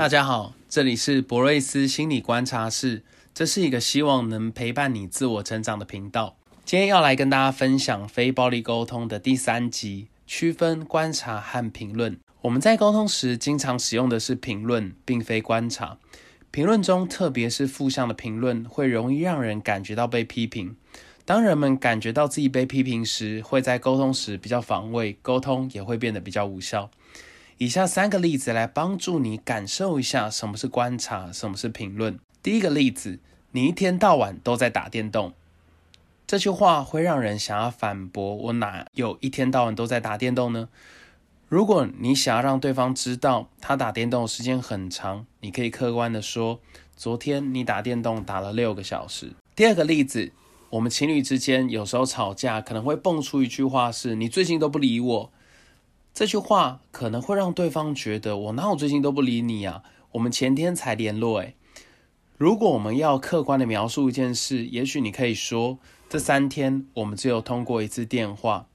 大家好，這裡是博瑞斯心理觀察室，這是一個希望能陪伴你自我成長的頻道。今天要來跟大家分享非暴力溝通的第三集：區分觀察和評論。我們在溝通時，經常使用的是評論，並非觀察。評論中，特別是負向的評論，會容易讓人感覺到被批評。當人們感覺到自己被批評時，會在溝通時比較防衛，溝通也會變得比較無效。以下三個例子來幫助你感受一下什麼是觀察，什麼是評論。第一個例子，你一天到晚都在打電動，這句話會讓人想要反駁我哪有一天到晚都在打電動呢？如果你想要讓對方知道他打電動時間很長，你可以客觀地說，昨天你打電動打了六個小時。第二個例子，我們情侶之間有時候吵架，可能會蹦出一句話是，你最近都不理我。這句話可能會讓對方覺得，我哪有最近都不理你啊？我們前天才聯絡誒。如果我們要客觀地描述一件事，也許你可以說，這三天我們只有通過一次電話。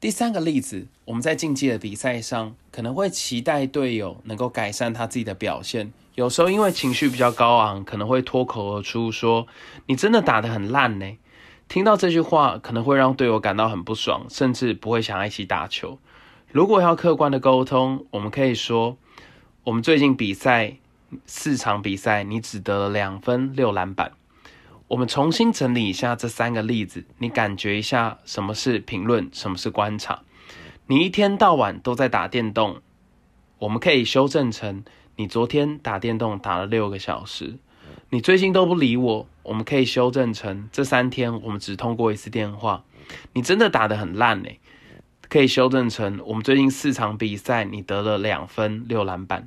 第三個例子，我們在競技的比賽上，可能會期待隊友能夠改善他自己的表現。有時候因為情緒比較高昂，可能會脫口而出說，你真的打得很爛呢。聽到這句話，可能會讓隊友感到很不爽，甚至不會想要一起打球。如果要客觀的溝通，我們可以說，我們最近比賽四場比賽，你只得了兩分六籃板。我們重新整理一下這三個例子，你感覺一下什麼是評論，什麼是觀察。你一天到晚都在打電動，我們可以修正成你昨天打電動打了六個小時。你最近都不理我，我們可以修正成這三天我們只通過一次電話。你真的打得很爛嘞、欸。可以修正成我們最近四場比賽，你得了兩分六籃板。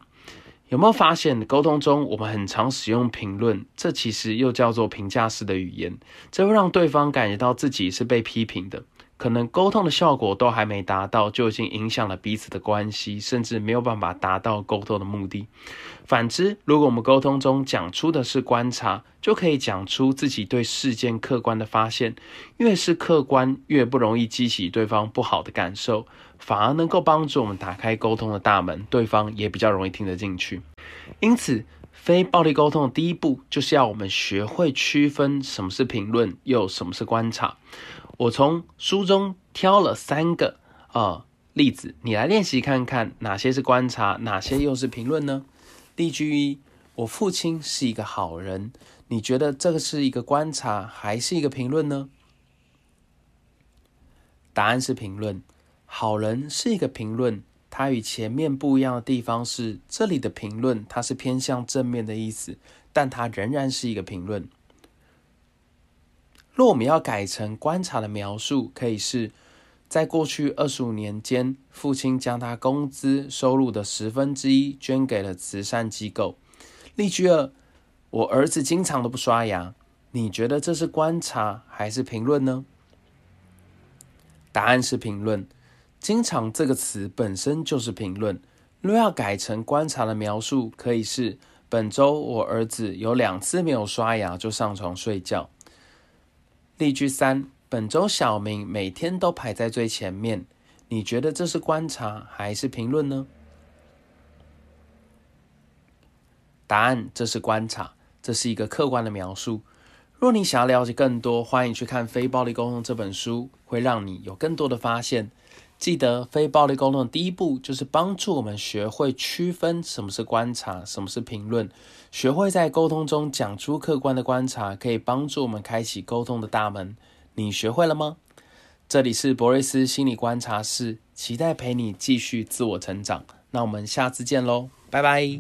有沒有發現溝通中我們很常使用評論？這其實又叫做評價式的語言，這會讓對方感覺到自己是被批評的。可能溝通的效果都還沒達到，就已經影響了彼此的關係，甚至沒有辦法達到溝通的目的。反之，如果我們溝通中講出的是觀察，就可以講出自己對事件客觀的發現。越是客觀，越不容易激起對方不好的感受，反而能夠幫助我們打開溝通的大門，對方也比較容易聽得進去。因此，非暴力溝通的第一步就是要我們學會區分什麼是評論，又什麼是觀察。我從書中挑了三個啊、呃、例子，你來練習看看哪些是觀察，哪些又是評論呢？例句一：我父親是一個好人。你覺得這個是一個觀察還是一個評論呢？答案是評論。好人是一個評論，它與前面不一樣的地方是，這裡的評論它是偏向正面的意思，但它仍然是一個評論。若我們要改成觀察的描述，可以是在過去二十五年間，父親將他工資收入的十分之一捐給了慈善機構。例句二：我兒子經常都不刷牙，你覺得這是觀察還是評論呢？答案是評論。經常這個詞本身就是評論。若要改成觀察的描述，可以是本周我兒子有兩次沒有刷牙就上床睡覺。例句三：本周小明每天都排在最前面，你覺得這是觀察還是評論呢？答案：這是觀察，這是一個客觀的描述。若你想要了解更多，歡迎去看《非暴力溝通》這本書，會讓你有更多的發現。記得非暴力溝通的第一步就是幫助我們學會區分什麼是觀察，什麼是評論。學會在溝通中講出客觀的觀察，可以幫助我們開啟溝通的大門。你學會了嗎？這裡是博瑞斯心理觀察室，期待陪你繼續自我成長。那我們下次見嘍，拜拜。